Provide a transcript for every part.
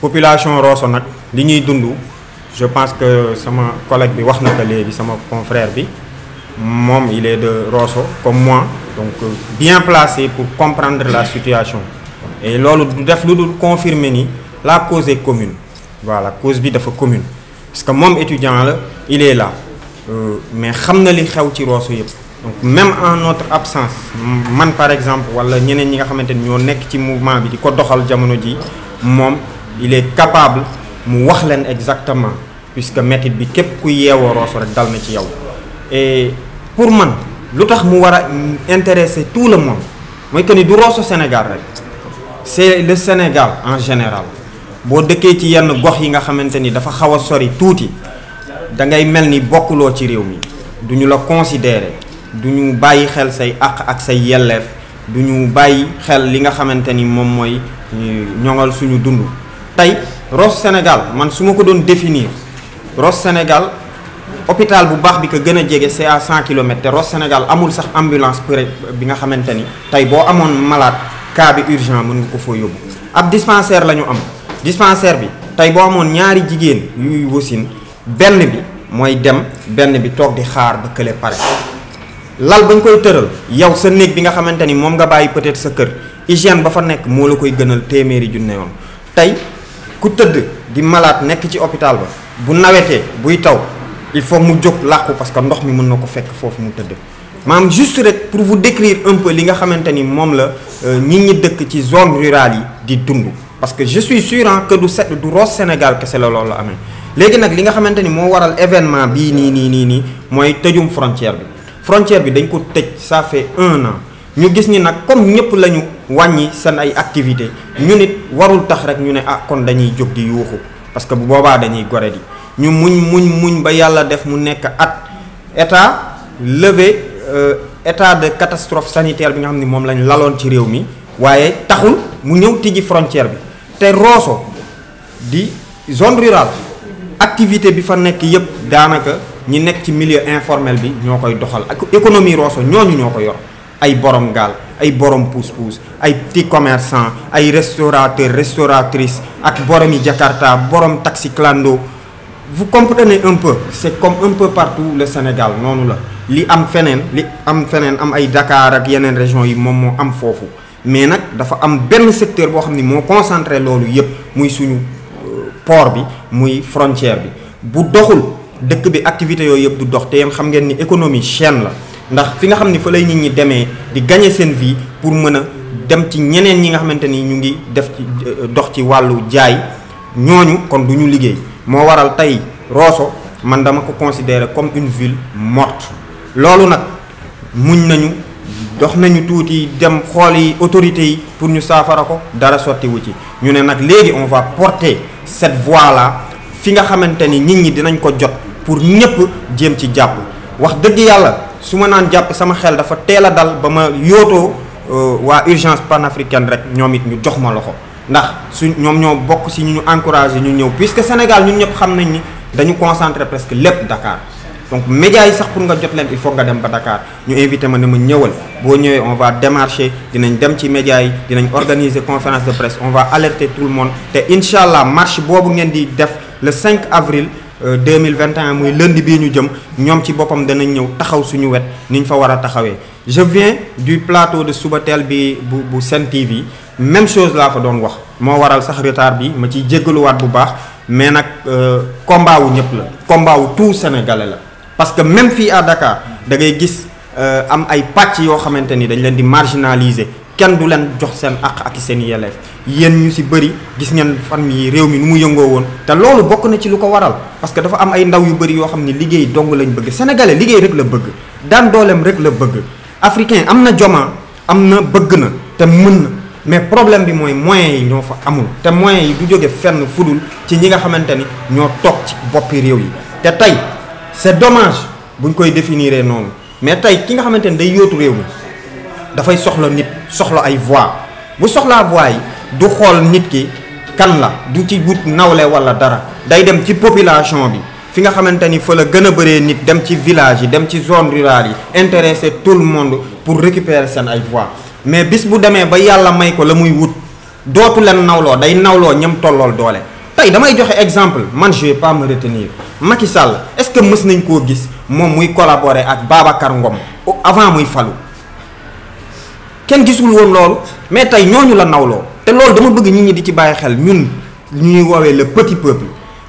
population Rosso nag li ñuy dund je pense que sama collègue bi wax na ko léegi sama confrère bi moom il est de Rosso comme moi donc euh, bien placé pour comprendre la situation et loolu du def lu dul confirmer ni la cause est commune voilà cause bi dafa commune parce que moom étudiant la il est là euh, mais xam na li xew ci Rosso yëpp donc même en notre absence man par exemple walla ñeneen ñi nga xamante ni ñoo nekk ci mouvement bi di ko doxal jamono ji moom il est capable mu wax leen exactement puisque métit bi képp ku yeewoo Rosso rek dal na ci yow et pour man lu tax mu war a intéresser tout le monde mooy que ni du Rosso Sénégal rek c'est le Sénégal en général boo dëkkee ci yenn gox yi nga xamante ni dafa xaw a sori tuuti da ngay mel ni bokkuloo ci réew mi du ñu la du ñu bàyyi xel say àq ak say yelleef du ñu bàyyi xel li nga xamante ni moom mooy euh, ñoŋal suñu dund tey Ross Sénégal man su ma ko doon définir Ross Sénégal hôpital bu baax bi ko gën a jege c'est à 100 kilomètres te Ross Sénégal amul sax ambulance pré bi nga xamante ni tey boo amoon malaat cas bi urgent mën nga ko foo yóbbu ab dispensaire la ñu am dispensaire bi tey boo amoon ñaari jigéen yuy wasin benn bi mooy dem benn bi toog di xaar ba kële pare lal ba ñu koy tëral yow sa néeg bi nga xamante ni moom nga bàyyi peut-être sa kër hygiène ba fa nekk moo la koy gënal téeméeri junne yoon tey ku tëdd di malaat nekk ci hôpital ba bu nawetee buy taw il faut mu jóg làqu parce que ndox mi mën na ko fekk foofu mu tëdd maam juste rek pour vous décrire un peu li nga xamante ni moom la ñi euh, ñi dëkk ci zone rural yi di dund parce que je suis sûr du set du Ross Sénégal kese la loolu amee léegi nag li nga xamante ni moo waral événement bii nii nii nii nii mooy tëjum frontière bi frontière bi dañ ko tëj ça fait un an ñu gis ni nag comme ñëpp la ñu wàññi seen ay activité ñu nit warul tax rek ñu ne ah kon dañuy jóg di yuuxu parce que bu boobaa dañuy gore di ñu muñ muñ muñ ba yàlla def mu nekk at état levé euh, état de catastrophe sanitaire bi nga xam ni moom lañ laloon ci réew mi waaye taxul mu ñëw tijji frontière bi te Rosso di zone rurale activité bi fa nekk yëpp daanaka ñi nekk ci milieu informel bi ñoo koy doxal ak économie Rosso ñooñu ñoo ko yor ay boroom gaal ay borom pousse-pousse ay petits commerçants ay restaurateurs restauratrices ak borom yi Jakarta borom taxi clando vous comprenez un peu c'est comme un peu partout le Sénégal noonu la li am feneen li am feneen am ay Dakar ak yeneen région yi moom moo am foofu mais nag dafa am benn secteur boo xam ni moo concentré loolu yépp muy suñu euh, port bi muy frontière bi bu doxul dëkk bi activité yooyu yëpp du dox te yéen xam ngeen ni économie chaîne la ndax fi nga xam ni fa lay nit demee di gagner seen vie pour mën a dem ci ñeneen ñi nga xamante ni ñu ngi def ci euh, dox ci wàllu jaay ñooñu kon du ñu liggéey moo waral tey Rosso man dama ko considérer comme une ville morte loolu nag muñ nañu dox nañu tuuti dem xool yi autorités yi pour ñu saafara ko dara sottiwu ci ñu ne nag léegi on va porter cette fi nga xamante ni nit ñi dinañ ko jot pour ñëpp jéem ci jàpp wax dëgg yàlla su ma naan jàpp sama xel dafa teel a dal ba ma yootoo euh, waa urgence panafricaine rek ñoom it ñu jox ma loxo ndax su ñoom ñoo bokk si ñu ñu encouragé ñu ñëw puisque Sénégal ñun ñëpp xam nañ ni dañu concentré presque lépp Dakar donc médias yi sax pour nga jot leen il faut nga dem ba Dakar ñu invité ma ne ma ñëwal boo ñëwee on va démarcher dinañ dem ci médias yi dinañ organiser conférence de presse on va alerter tout le monde te incha allah marche boobu ngeen di def le 5 avril Euh, deux mille vingt et un muy lundi bii ñu jëm ñoom ci boppam danañ ñëw taxaw suñu wet ni ñu fa war a taxawee. je viens du plateau de teel bi bu bu Sen TV même chose laa fa doon wax moo waral sax retard bi ma ciy jéggaluwaat bu baax mais nag euh, combat wu ñëpp la. combat wu tout sénégalais la parce que même fii à Dakar da ngay gis euh, am ay pàcc yoo xamante ni dañ leen di marginaliser. kenn du leen jox seen àq ak seen yelleef yéen ñu si bëri gis ngeen fan yi réew mi nu mu yëngoo woon te loolu bokk na ci lu ko waral parce que dafa am ay ndaw yu bëri yoo xam ne liggéey dong lañ bëgg sénégalais liggéey rek la bëgg daan dooleem rek la bëgg africain am na joma am na bëgg na te mën na mais problème bi mooy moyens yi ñoo fa amul te moyens yi du jóge fenn fudul ci ñi nga xamante ni ñoo toog ci boppi réew yi te tey c'est dommage buñ koy définiree noonu mais tey ki nga xamante ni day yóotu réew dafay soxla nit soxla ay voix bu soxlaa voix yi du xool nit ki kan la du ci wut nawle walla dara day dem ci population bi fi nga xamante ni fa la gën a bëree nit dem ci village yi dem ci zone rurale yi intéresser tout le monde pour récupérer seen ay voix mais bis bu demee ba yàlla may ko la muy wut dootu leen nawloo day nawloo ñam tollool doole tey damay joxe exemple man je vais pas me retenir Macky Sall est-ce que mës nañ koo gis moom muy collaborer ak Babacar muy falu kenn gisul woon loolu mais tey ñooñu la nawloo te loolu dama bëgg nit ñi di ci bàyyi xel ñun ñu ñuy woowee le petit peuple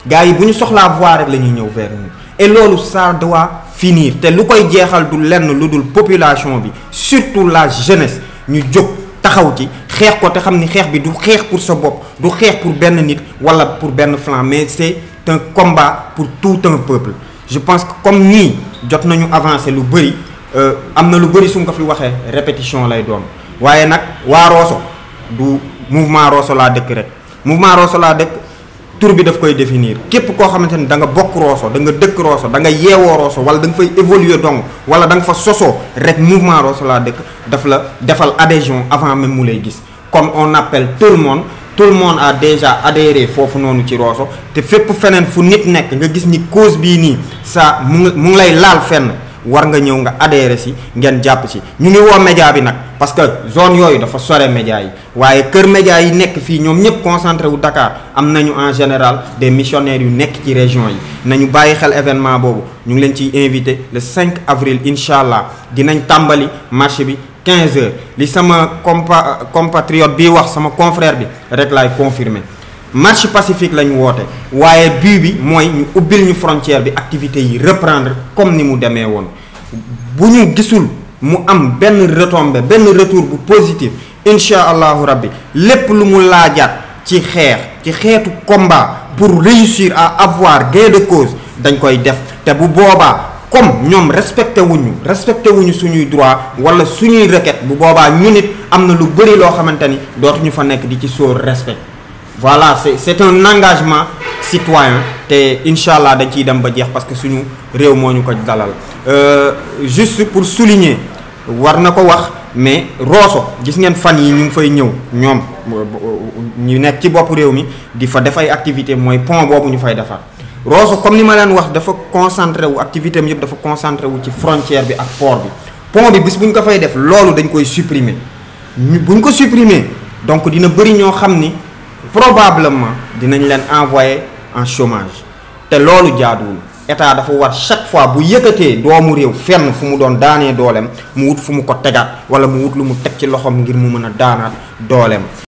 gars yi bu ñu soxlaa voix rek la ñuy ñëw vers nous et loolu ça doit finir te lu koy jeexal du lenn lu dul population bi surtout la jeunesse ñu jóg taxaw ci xeex ko te xam ni xeex bi du xeex pour sa bopp du xeex pour benn nit wala pour benn flanc mais c'est un combat pour tout un peuple je pense que comme nii jot nañu avancer lu bëri Euh, am na lu bëri su nga ko fi waxee répétition lay doon waaye nag waa Rosso du mouvement Rosso laa dëkk rek mouvement Rosso laa dëkk tur bi daf koy définir képp koo xamante ni da nga bokk rooso da nga dëkk Rosso da nga yeewoo Rosso wala da nga fay évoluer dong wala da nga fa sosoo rek mouvement Rosso laa dëkk daf la defal adhésion avant même mu lay gis comme on appelle tout le monde tout le monde a déjà adhéré foofu noonu ci rooso te fépp feneen fu nit nekk nga gis ni cause bii nii ça mu ngi mu ngi lay laal fenn war nga ñëw nga adhéré si ngeen jàpp si ñu ngi woo média bi nag parce que zone yooyu dafa sore média yi waaye kër média yi nekk fii ñoom ñëpp concentré wu Dakar am nañu en général de missionnaires yu nekk ci région yi nañu bàyyi xel événement boobu ñu ngi leen ciy invité le 5 avril incha allah dinañ tàmbali marché bi 15 heures li sama compa compatriote bii wax sama confrère bi rek laay confirmer marche pacifique lañ woote waaye bii bi mooy ñu ubbil ñu frontière bi activité yi reprendre comme ni mu demee woon bu ñu gisul mu am benn retombée benn retour bu positif incha allahu rabbi lépp lu mu laajaat ci xeex ci xeetu combat pour réussir à avoir gain de cause dañ koy def te bu boobaa comme ñoom respecté wuñu respecté wuñu suñuy droit wala suñuy requête bu boobaa ñu nit am na lu bëri loo xamante ni dootuñu fa nekk di ci soor respect voilà c'est c'est un engagement citoyen te incha allah dañ ciy dem ba jeex parce que suñu réew moo ñu ko dalal euh, juste pour souligner war na ko wax mais Rosso gis ngeen fan yi ñu ngi fay ñëw ñoom ñu nekk ci bopp réew mi di fa def activité mooy pont boobu ñu fay defar Rosso comme ni ma leen wax dafa concentré wu activité am yëpp dafa concentré wu ci frontière bi ak port bi pont bi bis bu ñu ko fay def loolu dañ koy supprimer ñu bu ñu ko supprimer donc dina bëri ñoo xam ni probablement dinañ leen envoyé en chômage te loolu jaaduwul état dafa war chaque fois bu yëkkatee doomu réew fenn fu mu doon daanee dooleem mu wut fu mu ko tegaat wala mu wut lu mu teg ci loxoom ngir mu mën a daanaat dooleem.